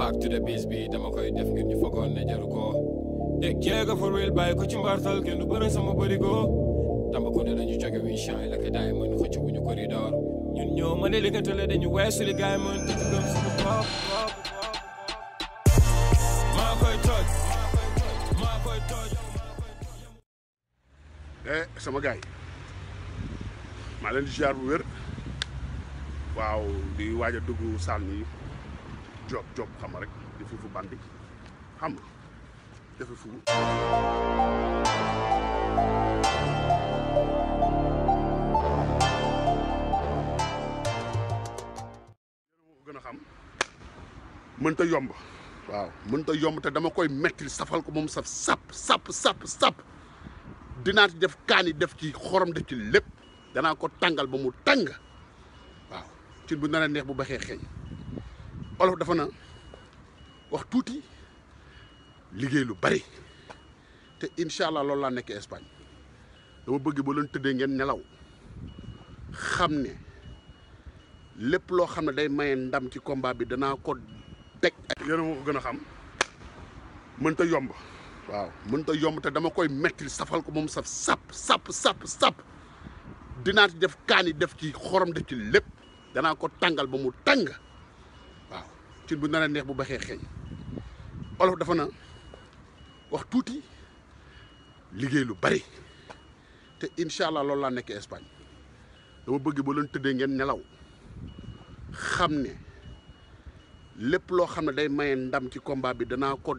back to the base bi dama koy def ngir ñu fogoon ne jaru ko dégg for real bàyyi ko ci mbartal kenn du bëre sama bërigo Tambacounda dañu jóge wi champs la ko daay mën xëcc bu ñu corridor ñun ñoo mën a liggantale dañu weesu li gaay mën ci gëm suñu bopp maa koy tooj maa eh, sama gaay maa leen di ziar bu wér waaw di waaj a dugg sànni job job xam rek defi fu xam nga defi fu gën a xam mënta yomb waaw mënta yomb te dama koy mettil safal ko moom saf sap sap sap sap dinaa def kaani def ci xorom def ci lépp danaa ko tàngal ba mu tàng waaw cin bu nar a neex bu baxee xeeñ olof dafa na wax tuuti liggéey lu bari te incha allah loolu laa nekk Espagne dama bëgg ba leen tëddee ngeen nelaw xam ne lépp loo xam ne day maye ndam ci combat bi danaa ko teg ak yéen ma ko gën a xam mënta yomb waaw mënta yomb te dama koy metti safal ko moom saf sap sap sap sap dinaa def kaani def ci xorom def ci lépp danaa ko tàngal ba mu tàng cin bu nar a neex bu baxee xeeñ olof dafa na wax tuuti liggéey lu bari te incha allah loolu laa nekk Espagne dama bëgg ba leen tëddee ngeen nelaw xam ne lépp loo xam ne day maye ndam ci combat bi danaa ko